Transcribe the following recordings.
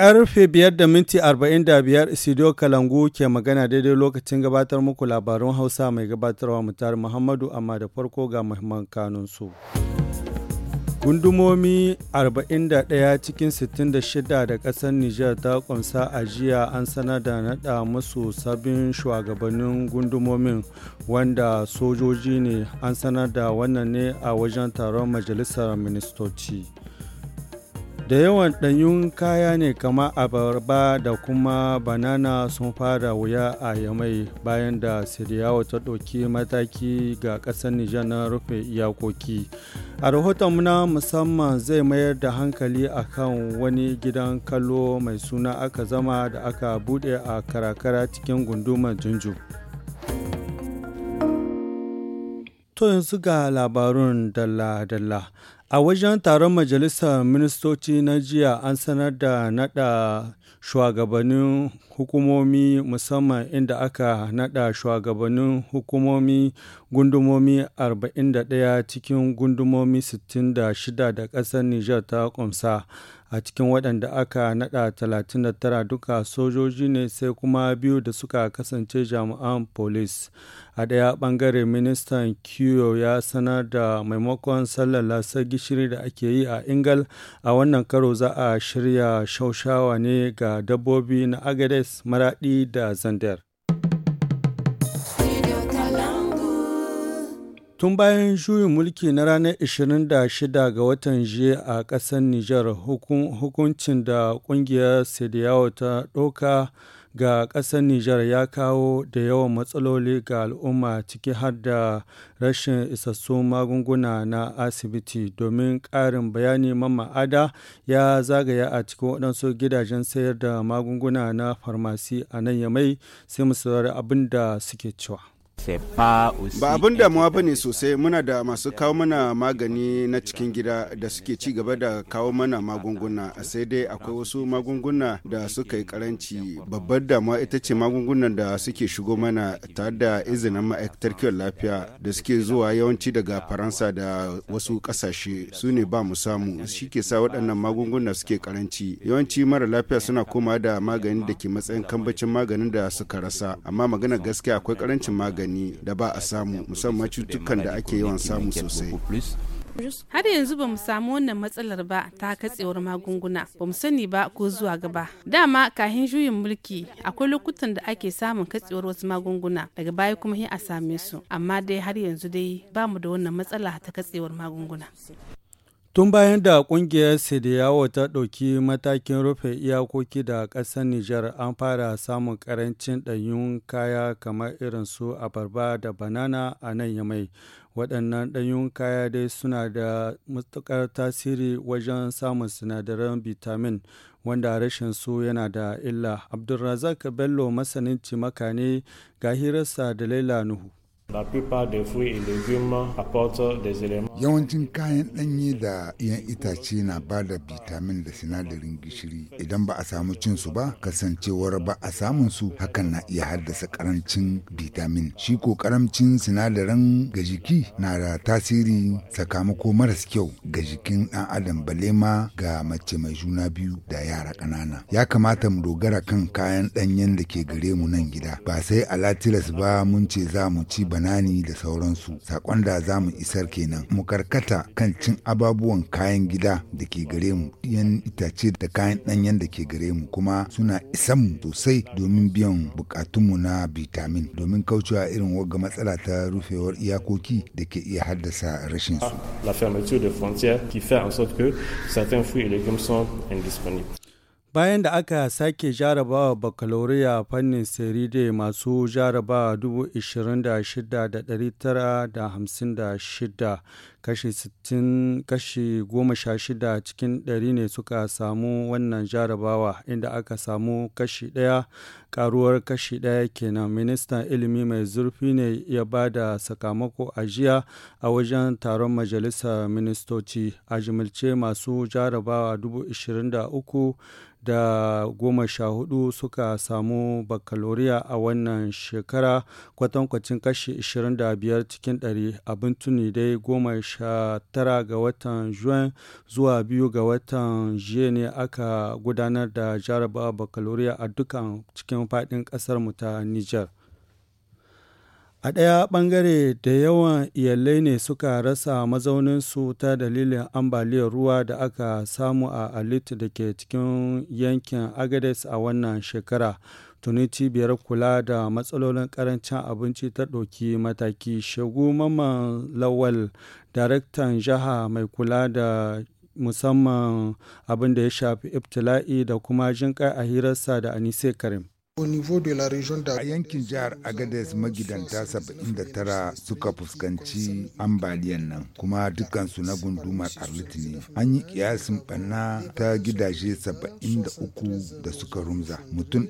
Karfe biyar da minti arba'in da Isidio Kalangu ke magana daidai lokacin gabatar muku labarun Hausa mai gabatarwa mutar Muhammadu amma da farko ga muhimman kanunsu. Gundumomi 41 cikin 66 da ƙasar Nijar ta ƙunsa a jiya an sanar da naɗa musu sabbin shugabannin gundumomin wanda sojoji ne an sanar da wannan ne a wajen taron majalisar ministoci. da yawan ɗanyun kaya ne kama abarba da kuma banana sun fara wuya a yamai bayan da siriyawa ta ɗauki mataki ga ƙasar nijar na rufe iyakoki a rahoton na musamman zai mayar da hankali akan wani gidan kallo mai suna aka zama da aka buɗe a karakara cikin gundumar junju To yanzu ga labarun dalla-dalla. A wajen taron Majalisar Ministoci na jiya an sanar da nada shugabannin hukumomi musamman inda aka nada shugabannin hukumomi gundumomi 41 cikin gundumomi 66 da ƙasar Nijar ta ƙumsa. a cikin waɗanda aka naɗa 39 duka sojoji ne sai kuma biyu da suka kasance jami'an polis a ɗaya ɓangare ministan kiyo ya sanar da maimakon sallar lasar gishiri da ake yi a ingal a wannan karo za a shirya shaushawa ne ga dabbobi na agades maraɗi da zandar Tun bayan juyin mulki na ranar 26 ga watan jiya a ƙasar Nijar hukuncin da ƙungiyar sidiyawa ta ɗauka ga ƙasar Nijar ya kawo da yawan matsaloli ga al'umma ciki har da rashin isassun magunguna na asibiti domin ƙarin bayani ma'ada ya zagaya a cikin waɗansu gidajen sayar da magunguna na farmasi a nan yamai sai musu abin da suke cewa. ba abun damuwa ba ne sosai muna da masu kawo mana magani na cikin gida da suke ci gaba da kawo mana magunguna sai dai akwai wasu magunguna da suka yi karanci babbar damuwa ita ce magungunan da suke shigo mana tare da izinin ma'aikatar kiwon lafiya da suke zuwa yawanci daga faransa da wasu kasashe su ne ba mu samu shi ke sa waɗannan magunguna suke karanci yawanci mara lafiya suna koma da magani da ke matsayin kambacin maganin da suka rasa amma magana gaskiya akwai karancin magani magani da ba a samu musamman cutukan da ake yawan samu sosai har yanzu ba mu samu wannan matsalar ba ta katsewar magunguna ba mu sani ba ko zuwa gaba dama kahin juyin mulki akwai lokutan da ake samun katsewar wasu magunguna daga baya kuma a same su amma dai har yanzu dai ba mu da wannan matsala ta katsewar magunguna Tun bayan da ƙungiyar Sidiyawa ta ɗauki matakin rufe iyakoki da ƙasar Nijar an fara samun ƙarancin ɗanyun kaya kamar irin su abarba da banana a nan yamai. Waɗannan ɗanyun kaya dai suna da matuƙar tasiri wajen samun sinadaran vitamin wanda rashin su yana da illa. Abdulrazak Bello masanin cimaka ne ga hirarsa da Laila Nuhu. La plupart des fruits et légumes apportent des éléments. Yawancin kayan ɗanye da yan itace na ba da bitamin da sinadarin gishiri idan ba a samu cin su ba kasancewar ba a samun su hakan na iya haddasa karancin bitamin shi ko karamcin sinadarin ga jiki na da tasiri sakamako maras kyau ga jikin ɗan adam bale ga mace mai juna biyu da yara ƙanana ya kamata mu dogara kan kayan ɗanyen da ke gare mu nan gida ba sai a latilas ba mun ce za mu ci ba banani da sauransu sakon da za mu isar kenan mu karkata kan cin ababuwan kayan gida da ke gare mu yan itace da kayan ɗanyen da ke gare mu kuma suna isan mu sosai domin biyan bukatunmu na vitamin domin kaucewa irin wagga matsala ta rufewar iyakoki da ke iya haddasa rashin su. La Bayan da aka sake jarabawa baccalaureate fannin Seride masu jarabawa 26,956 kashi 60 kashi goma cikin ɗari ne suka samu wannan jarabawa inda aka samu kashi ɗaya karuwar kashi ɗaya kenan ministan ilimi mai zurfi ne ya ba da sakamako a jiya a wajen taron majalisar ministoci a jimilce masu jarabawa 23 da goma sha hudu suka samu bakaloriya a wannan shekara kwatankwacin kashi 25 cikin 100 abin tuni dai goma sha tara ga watan juin zuwa biyu ga watan jiya ne aka gudanar da jaraba bakaloriya a dukkan cikin faɗin mu ta niger A ɗaya ɓangare da yawan iyalai ne suka rasa mazauninsu ta dalilin ambaliyar ruwa da aka samu a Alit da ke cikin yankin Agades a wannan shekara. Tuni cibiyar kula da matsalolin karancin abinci ta ɗauki mataki. Shagu Mamman Lawal daraktan jiha mai kula da musamman abin da ya shafi ibtila'i da kuma jinƙai a hirarsa da anise karim A yankin jihar Agadez magidanta 79 suka fuskanci ambaliyan nan kuma dukansu na gundumar Arlit ne. An yi kiyasin banna ta gidaje 73 da suka rumza. Mutum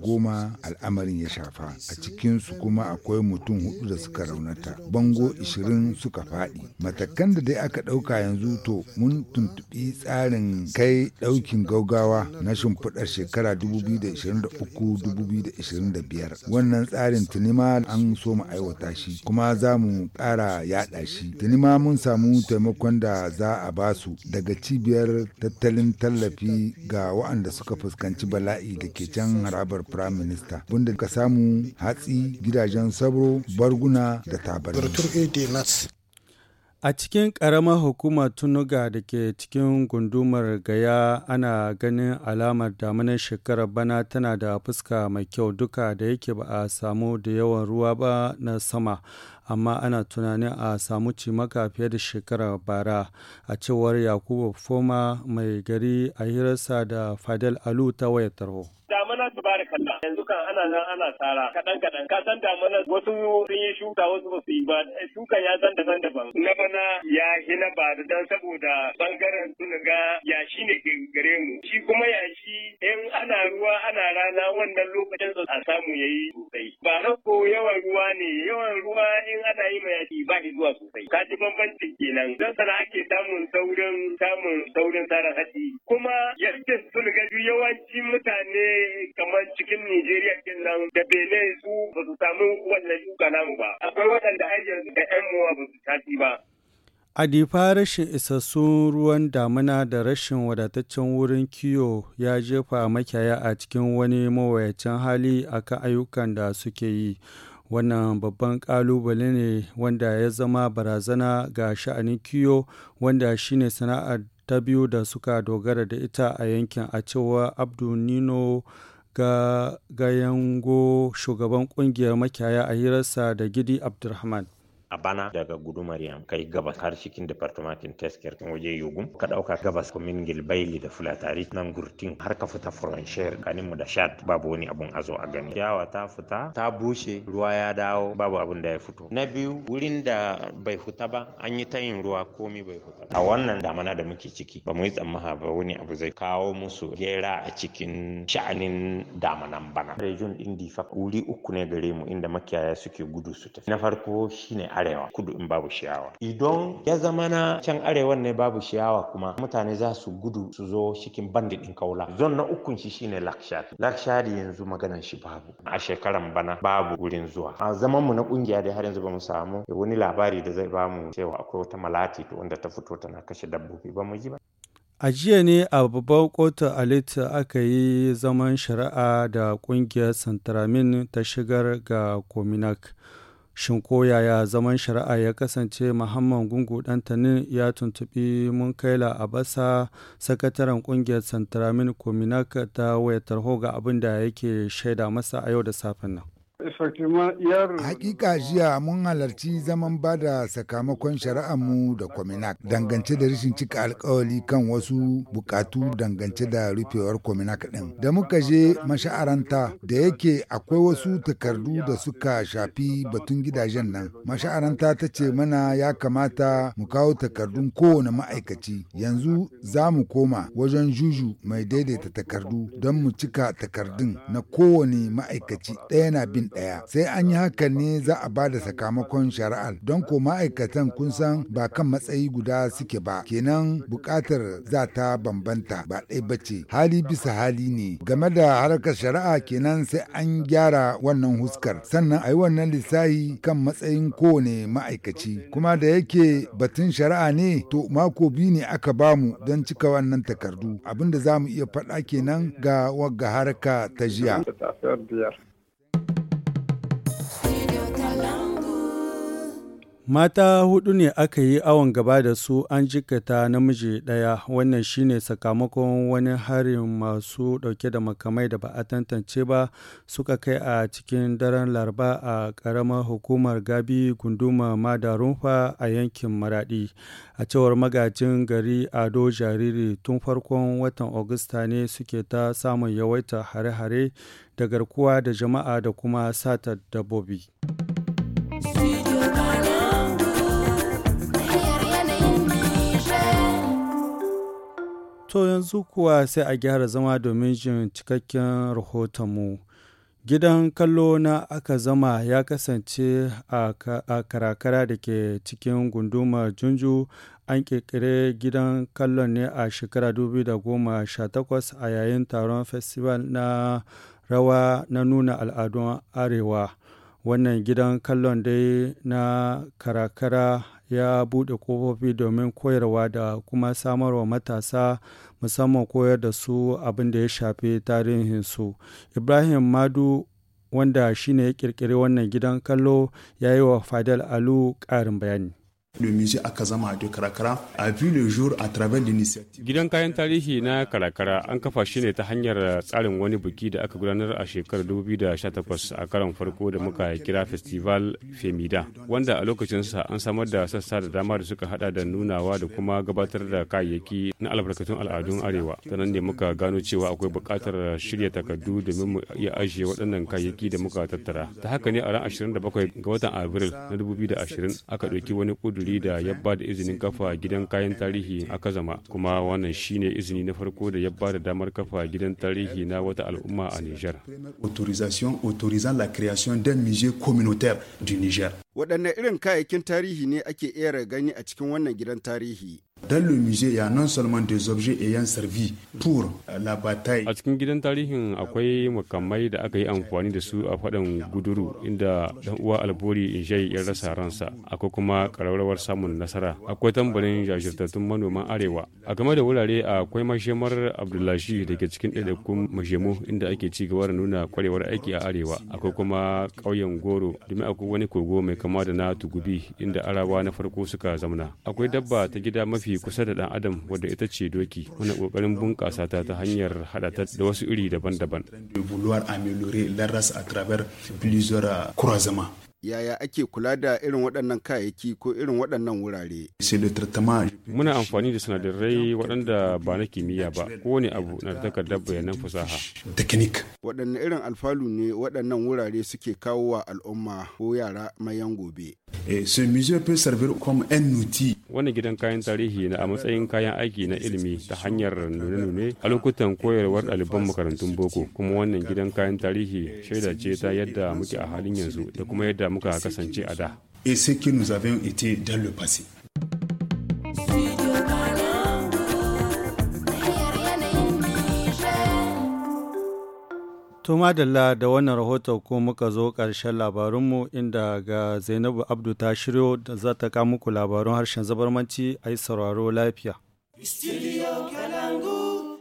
goma al'amarin ya shafa. A cikinsu kuma akwai mutum hudu da suka raunata. Bango 20 suka faɗi. Matakan da dai aka ɗauka yanzu to mun tuntuɓi tsarin kai ɗaukin gaugawa na shimfiɗar shekara 2023 uku dubu biyu da ishirin da biyar wannan tsarin tuni ma an so mu aiwata shi kuma za mu ƙara yaɗa shi tuni mun samu taimakon da za a ba su daga cibiyar tattalin tallafi ga waɗanda suka fuskanci bala'i da ke can harabar firayim minista bunda ka samu hatsi gidajen sabro barguna da tabarni A cikin ƙaramar hukumar Tunuga da ke cikin gundumar Gaya ana ganin alamar damunar shekarar bana tana da fuska mai kyau duka da yake ba a samu da yawan ruwa ba na sama. amma ana tunanin a samu cimaka fiye da shekara bara a cewar yakubu foma mai gari a hirarsa da fadel alu ta wayar tarho damana kalla yanzu kan ana nan ana tsara kaɗan kaɗan ka san damana wasu sun yi shuka wasu ba su yi ba eh, shuka ya san da san na bana ya shi ba da dan saboda bangaren sun ga yashi ne ke gare mu shi kuma ya yashi in ana ruwa ana rana wannan lokacin a samu yayi sosai ba ko yawan ruwa ne yawan ruwa in ana yi ma yaki ba zuwa sosai ka ji bambancin kenan don sana ake samun saurin samun saurin tsarin hatsi kuma yankin sun gaju yawanci mutane kamar cikin Nijeriya din nan da Benin su ba su samu wannan shuka namu ba akwai waɗanda ajiyar da 'yan muwa ba su tafi ba Adifa rashin isassun ruwan damina da rashin wadataccen wurin kiyo ya jefa makiyaya a cikin wani mawayacin hali akan ayyukan da suke yi. wannan babban kalubale ne wanda ya zama barazana ga sha'anin kiyo wanda shine sana'ar ta biyu da suka dogara da ita a yankin a cewa abdu nino ga gayango shugaban kungiyar makiyaya a hirarsa da gidi abdulrahman bana daga gudu Mariam kai gabas har cikin departamentin tesker kan waje yugum ka dauka gabas kamin gilbaili da fulatari nan gurtin har ka fita frontier kanin mu da shad babu wani abun azo a gani ciyawa ta fita ta bushe ruwa ya dawo babu abun da ya fito na biyu wurin da bai fita ba an yi tayin ruwa komi bai fita a wannan damana da muke ciki ba mu yi tsammaha ba wani abu zai kawo musu gera a cikin sha'anin damanan bana region indi difa wuri uku ne gare mu inda makiyaya suke gudu su tafi na farko shine are arewa kudu in babu shiyawa idan ya zama na can arewa ne babu shiyawa kuma mutane za su gudu su zo cikin bandi din kaula zon na ukun shi shine lakshari lakshari yanzu maganan shi babu a shekaran bana babu wurin zuwa a zaman mu na kungiya dai har yanzu bamu samu wani labari da zai bamu cewa akwai wata malati wanda ta fito tana kashe dabbobi ba mu ji ba A jiya ne a babbar kotun alita aka yi zaman shari'a da kungiyar santramin ta shigar ga Kominak. Shin ko yaya zaman shari'a ya kasance Muhammad Gungu ne ya tuntuɓi Munkaila basa sakataren ƙungiyar Santramin kominaka ta wayar tarho ga abin da yake shaida masa a yau da safen nan. Hakika jiya mun halarci zaman ba da sakamakon mu da Kwaminak dangance da rashin cika alkawali kan wasu bukatu dangance da rufewar Kwaminak ɗin. Da muka je masha'aranta da yake akwai wasu takardu da suka shafi batun gidajen nan. Masha'aranta ta ce mana ya kamata mu kawo takardun kowane ma'aikaci. Yanzu za mu koma wajen juju mai daidaita takardu don mu cika takardun na kowane ma'aikaci ɗaya na bin ɗaya. Sai an yi haka ne za a ba da sakamakon shari'ar don ko ma'aikatan kun san ba kan matsayi guda suke ba kenan buƙatar za ta bambanta ba ɗaya ba ce hali bisa hali ne game da harkar shari'a kenan sai an gyara wannan huskar sannan a yi wannan lissahi kan matsayin kowane ma'aikaci kuma da yake batun shari'a ne to mako biyu ne aka bamu don cika wannan takardu abinda za mu iya faɗa kenan ga wagga harka ta jiya. Mata hudu ne aka yi awon gaba da su an jikata namiji ɗaya wannan shine sakamakon wani harin masu ɗauke da makamai da ba a tantance ba suka kai a cikin daren laraba a ƙaramar hukumar gabi gunduma ma madarunfa a yankin maradi a cewar magajin gari ado jariri tun farkon watan augusta ne suke ta samun yawaita hare-hare da garkuwa da jama'a da kuma sata dabbobi. To yanzu kuwa sai a gyara zama domin jin cikakken rahotonmu. Gidan kallo na aka zama ya kasance a karakara da ke cikin gundumar Junju an ƙirƙiri gidan kallon ne a shekara 2018 a yayin taron festival na rawa na nuna al'adun arewa. Wannan gidan kallon dai na karakara ya buɗe ƙofofi domin koyarwa da kuma samarwa matasa musamman koyar da su abin da ya shafi tarihinsu. Ibrahim Madu wanda shine ya ƙirƙiri wannan gidan kallo ya yi wa fadal Alu ƙarin bayani. Le musée Akazama de a vu le jour Gidan kayan tarihi na Karakara an kafa shi ne ta hanyar tsarin wani biki da aka gudanar a shekarar 2018 a karon farko da muka kira Festival Femida, wanda a lokacin lokacinsa an samar da sassa da dama da suka hada da nunawa da kuma gabatar da kayayyaki na albarkatun al'adun Arewa. Sannan ne muka gano cewa akwai buƙatar shirya takardu domin mu iya ajiye waɗannan kayayyaki da muka tattara. Ta haka ne a ran 27 ga watan Abril na 2020 aka ɗauki wani kudu kuduri da ya ba da izinin kafa gidan kayan tarihi a Kazama kuma wannan shine izini na farko da ya ba da damar kafa gidan tarihi na wata al'umma a Niger. Autorisation autorisant la création d'un musée communautaire du Niger. Waɗanne irin kayayyakin tarihi ne ake iya gani a cikin wannan gidan tarihi? Dans le musée, il y a non seulement des objets ayant servi pour euh, la bataille. A cikin gidan tarihin akwai makamai da aka yi amfani da su a faɗan guduru inda dan uwa Albori Injai ya rasa ransa. Akwai kuma ƙararrawar samun nasara. Akwai tambarin jajirtattun manoman Arewa. A game da wurare akwai mashemar abdullashi da ke cikin ɗaiɗaikun mashemu inda ake ci gaba da nuna kwarewar aiki a Arewa. Akwai kuma ƙauyen Goro domin akwai wani kogo mai kama da na Tugubi inda Arawa na farko suka zauna Akwai dabba ta gida mafi mafi kusa da dan adam wadda ita ce doki muna kokarin bunƙasa ta ta hanyar haɗa ta da wasu iri daban-daban. Euh, yaya ake kula da irin waɗannan kayayyaki ko irin waɗannan wurare. Muna amfani da sinadarai waɗanda ba na kimiyya ba, kowane abu na da takardar bayanan fasaha. Waɗanne irin alfalu ne waɗannan wurare suke kawo wa al'umma ko yara mayan gobe. Eh, ce musée peut servir comme un outil. Wani gidan kayan tarihi na a matsayin kayan aiki na ilimi ta hanyar nune-nune a lokutan koyarwar ɗaliban makarantun boko kuma wannan gidan kayan tarihi shaida ce ta yadda muke a halin yanzu da kuma yadda muka kasance a da. Et ce que nous avons été dans le passé. To madalla da wannan rahoton ko muka zo ƙarshen labarunmu inda ga Zainabu Abdu ta shiryo da za ta muku labarun harshen zabarmanci a yi sauraro lafiya.